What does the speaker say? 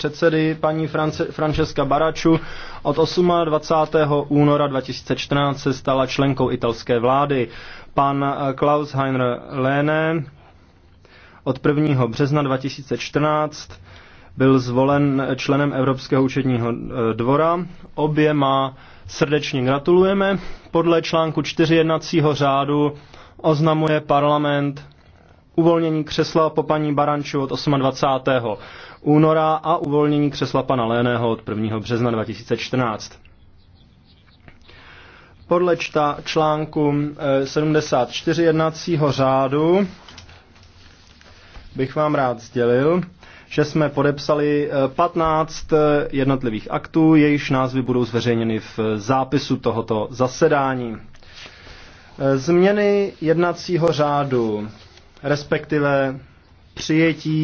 předsedy paní France, Francesca Baraču od 28. února 2014 se stala členkou italské vlády. Pan eh, Klaus Heiner Lene od 1. března 2014 byl zvolen členem Evropského účetního eh, dvora. Oběma srdečně gratulujeme. Podle článku 4 jednacího řádu oznamuje parlament uvolnění křesla po paní Baranču od 28. února a uvolnění křesla pana Léného od 1. března 2014. Podle čta článku 74 eh, jednacího řádu bych vám rád sdělil, že jsme podepsali 15 eh, eh, jednotlivých aktů, jejichž názvy budou zveřejněny v zápisu tohoto zasedání. Změny jednacího řádu respektive přijetí